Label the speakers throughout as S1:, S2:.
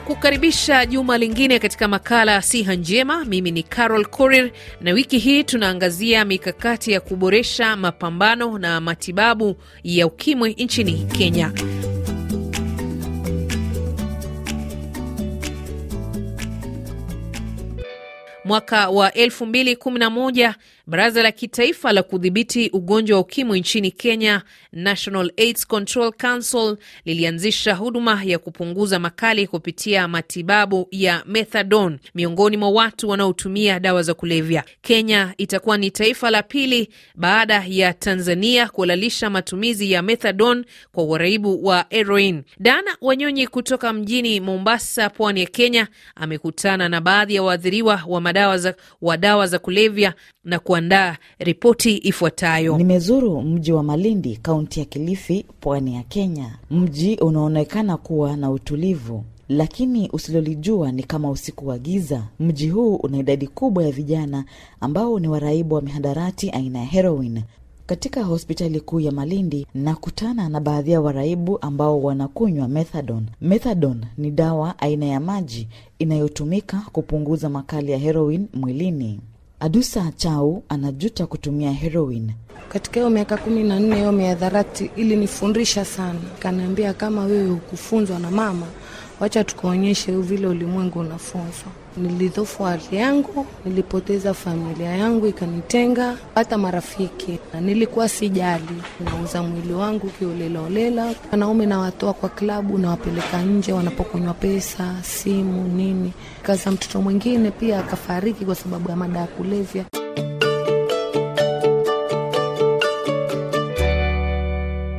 S1: kukaribisha juma lingine katika makala ya siha njema. Mimi ni Carol Korir, na wiki hii tunaangazia mikakati ya kuboresha mapambano na matibabu ya ukimwi nchini Kenya. Mwaka wa 2011 Baraza la kitaifa la kudhibiti ugonjwa wa ukimwi nchini Kenya, National AIDS Control Council, lilianzisha huduma ya kupunguza makali kupitia matibabu ya methadone miongoni mwa watu wanaotumia dawa za kulevya. Kenya itakuwa ni taifa la pili baada ya Tanzania kuhalalisha matumizi ya methadone kwa uraibu wa heroin. Dana Wanyonyi kutoka mjini Mombasa, pwani ya Kenya, amekutana na baadhi ya waathiriwa wa madawa za, wa dawa za kulevya na kwa kuandaa ripoti
S2: ifuatayo. Nimezuru mji wa Malindi, kaunti ya Kilifi, pwani ya Kenya, mji unaonekana kuwa na utulivu lakini usilolijua ni kama usiku wa giza. Mji huu una idadi kubwa ya vijana ambao ni waraibu wa mihadarati aina ya heroin. Katika hospitali kuu ya Malindi nakutana na baadhi ya waraibu ambao wanakunywa methadone. Methadone ni dawa aina ya maji inayotumika kupunguza makali ya heroin mwilini. Adusa Achau anajuta kutumia heroin. Katika hiyo miaka kumi na nne hiyo miadharati ilinifundisha sana, kanaambia
S1: kama wewe hukufunzwa na mama wacha tukuonyeshe vile ulimwengu unafunzwa. Nilidhofu ardhi yangu, nilipoteza familia yangu ikanitenga, hata marafiki, na nilikuwa sijali. Nauza mwili wangu kiolelaolela, wanaume nawatoa kwa klabu, nawapeleka nje wanapokunywa pesa, simu, nini. Kaza mtoto mwingine pia akafariki kwa sababu ya madawa ya kulevya.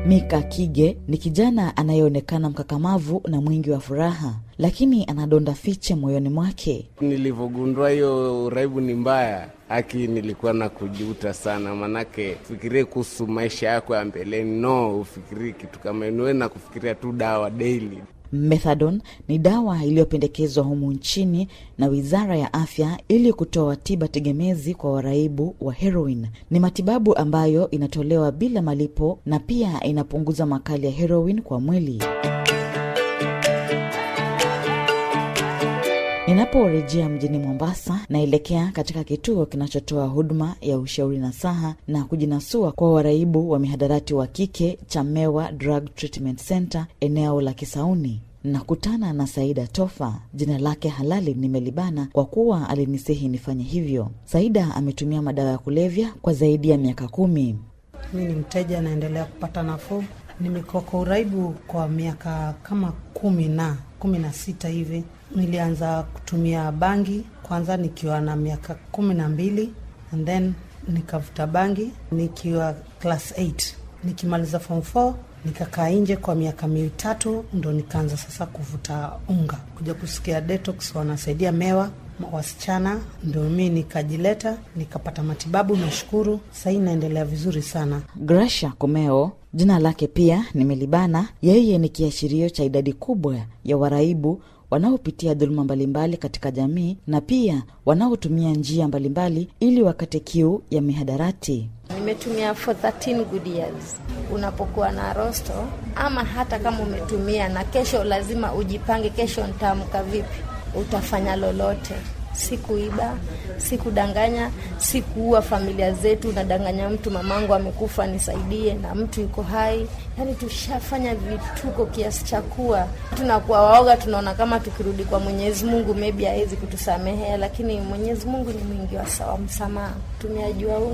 S2: Mika Kige ni kijana anayeonekana mkakamavu na mwingi wa furaha, lakini anadonda fiche moyoni mwake.
S3: Nilivyogundua hiyo uraibu ni mbaya haki, nilikuwa na kujuta sana, manake fikirie kuhusu maisha yako ya mbeleni. No, ufikirie kitu kama inuwe na kufikiria tu dawa daily
S2: methadon ni dawa iliyopendekezwa humu nchini na Wizara ya Afya ili kutoa tiba tegemezi kwa waraibu wa heroin. Ni matibabu ambayo inatolewa bila malipo na pia inapunguza makali ya heroin kwa mwili. Ninaporejea mjini Mombasa, naelekea katika kituo kinachotoa huduma ya ushauri na saha na kujinasua kwa waraibu wa mihadarati wa kike cha Mewa Drug Treatment Center eneo la Kisauni. Nakutana na Saida Tofa, jina lake halali nimelibana kwa kuwa alinisihi nifanye hivyo. Saida ametumia madawa ya kulevya kwa zaidi ya miaka kumi. Mi ni mteja anaendelea kupata nafuu. Nimekuwa kwa uraibu kwa miaka kama kumi na kumi na sita hivi. Nilianza kutumia bangi kwanza nikiwa na miaka kumi na mbili and then nikavuta bangi nikiwa class 8. Nikimaliza form 4 nikakaa nje kwa miaka mitatu, ndo nikaanza sasa kuvuta unga, kuja kusikia detox wanasaidia mewa wasichana, ndio mi nikajileta nikapata matibabu. Nashukuru sahii naendelea vizuri sana. grasha Komeo jina lake pia nimelibana, yeye ni kiashirio cha idadi kubwa ya waraibu wanaopitia dhuluma mbalimbali katika jamii na pia wanaotumia njia mbalimbali ili wakate kiu ya mihadarati. Nimetumia for 13 good years. Unapokuwa na rosto ama hata kama umetumia na kesho, lazima ujipange, kesho ntaamka vipi utafanya lolote. Sikuiba, sikudanganya, sikuua familia zetu. Nadanganya mtu, mamangu amekufa nisaidie, na mtu yuko hai. Yani tushafanya vituko kiasi cha kuwa tunakuwa waoga, tunaona kama tukirudi kwa Mwenyezi Mungu maybe hawezi kutusamehea, lakini Mwenyezi Mungu ni mwingi wa sawa msamaha.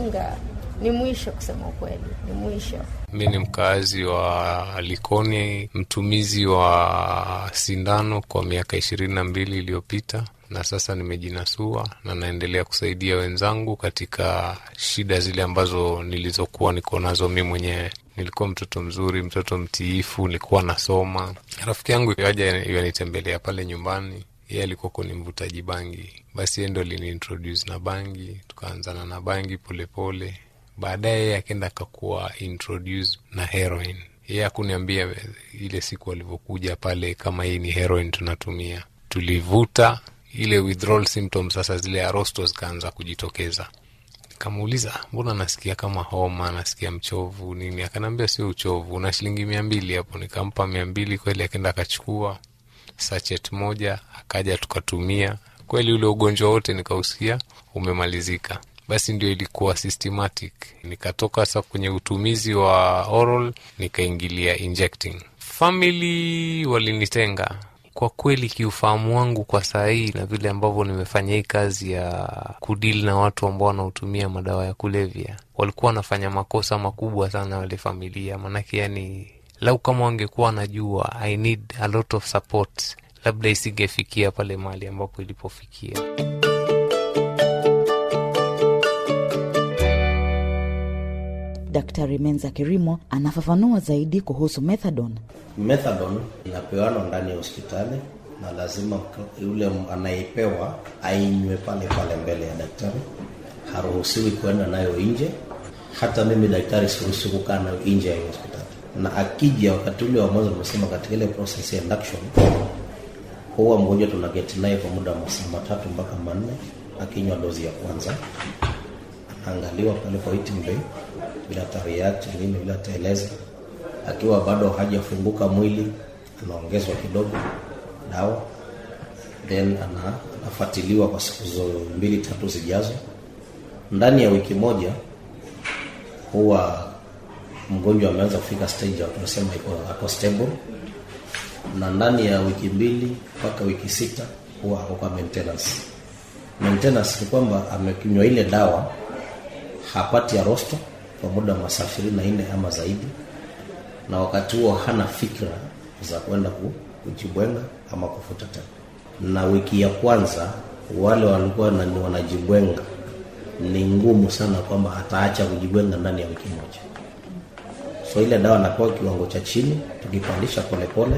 S2: unga ni mwisho, kusema ukweli, ni mwisho.
S3: Mi ni mkaazi wa Likoni, mtumizi wa sindano kwa miaka ishirini na mbili iliyopita na sasa nimejinasua na naendelea kusaidia wenzangu katika shida zile ambazo nilizokuwa niko nazo mi mwenyewe. Nilikuwa mtoto mzuri, mtoto mtiifu, nilikuwa nasoma. Rafiki yangu aja yanitembelea pale nyumbani, yeye alikuwa ni mvutaji bangi, basi yeye ndo aliniintroduce na bangi, tukaanzana na bangi polepole pole. Baadaye yeye akenda akakuwa introduce na heroin. Yeye akuniambia ile siku alivyokuja pale, kama hii ni heroin tunatumia. Tulivuta ile withdrawal symptoms, sasa zile arosto zikaanza kujitokeza. kamuuliza mbona nasikia kama homa, nasikia mchovu nini? akanaambia sio uchovu, una shilingi mia mbili hapo. Nikampa mia mbili kweli, akenda akachukua sachet moja, akaja tukatumia kweli, ule ugonjwa wote nikausikia umemalizika basi ndio ilikuwa systematic. Nikatoka sa kwenye utumizi wa oral nikaingilia injecting. Family walinitenga kwa kweli, kiufahamu wangu kwa saa hii na vile ambavyo nimefanya hii kazi ya kudili na watu ambao wanaotumia madawa ya kulevya, walikuwa wanafanya makosa makubwa sana wale familia, maanake yani lau kama wangekuwa wanajua I need a lot of support, labda isingefikia pale mali ambapo ilipofikia.
S2: Daktari Menza Kirimo anafafanua zaidi kuhusu methadon
S4: methadon inapewanwa ndani ya hospitali na lazima yule anayepewa ainywe pale pale mbele ya daktari, haruhusiwi kuenda nayo nje. Hata mimi daktari siruhusi kukaa nayo nje ya hospitali, na akija wakati ule wa mwanzo, katika ile process ya induction, huwa mgonjwa tunaketi naye kwa muda wa masaa matatu mpaka manne, akinywa dozi ya kwanza, anaangaliwa pale kwa waiting bila tahiyati, nini bila teleza akiwa bado hajafunguka mwili anaongezwa kidogo dawa, then ana, anafuatiliwa kwa siku mbili tatu zijazo. Ndani ya wiki moja huwa mgonjwa ameanza kufika stage ya tunasema iko stable, na ndani ya wiki mbili mpaka wiki sita huwa ako kwa maintenance. Maintenance ni kwamba amekunywa ile dawa hapati arosto kwa muda wa masaa ishirini na nne ama zaidi, na wakati huo hana fikra za kwenda kujibwenga ama kufuta tena. Na wiki ya kwanza wale walikuwa ni wanajibwenga, ni ngumu sana kwamba ataacha kujibwenga ndani ya wiki moja. So ile dawa anapewa kiwango cha chini, tukipandisha polepole,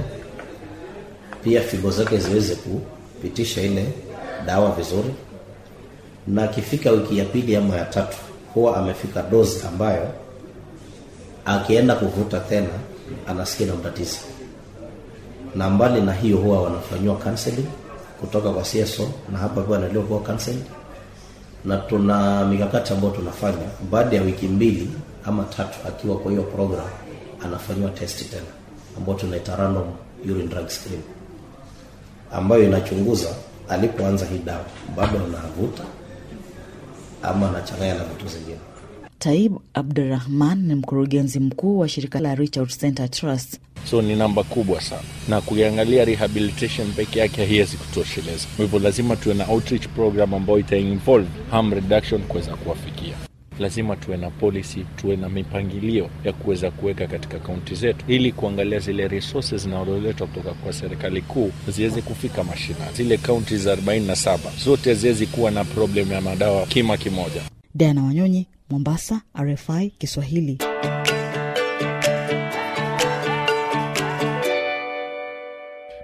S4: pia figo zake ziweze kupitisha ile dawa vizuri, na akifika wiki ya pili ama ya tatu huwa amefika dozi ambayo akienda kuvuta tena anasikia inamtatiza, na mbali na hiyo huwa wanafanyiwa counseling kutoka kwa CSO na hapa pia wanaendelea counseling, na tuna mikakati ambayo tunafanya baada ya wiki mbili ama tatu akiwa kwa hiyo program anafanyiwa test tena ambayo tunaita random urine drug screen ambayo inachunguza alipoanza hii dawa bado anavuta ama anachanganya na vitu zingine.
S2: Taib Abdurahman ni mkurugenzi mkuu wa shirika la Richard Center Trust.
S4: So ni namba kubwa sana, na kuiangalia rehabilitation peke yake haiwezi kutosheleza. Kwa hivyo lazima tuwe na outreach program ambayo itainvolve harm reduction kuweza kuwafikia lazima tuwe na policy, tuwe na mipangilio ya kuweza kuweka katika kaunti zetu, ili kuangalia zile resources zinazoletwa kutoka kwa serikali kuu ziweze kufika mashinani. Zile kaunti za 47 zote ziwezi kuwa na problem ya madawa kima kimoja.
S2: Diana Wanyonyi, Mombasa, RFI Kiswahili.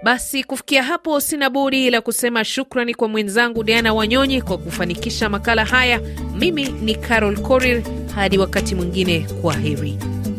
S1: Basi kufikia hapo, sina budi la kusema shukrani kwa mwenzangu Diana Wanyonyi kwa kufanikisha makala haya. Mimi ni Carol Korir, hadi wakati mwingine, kwa heri.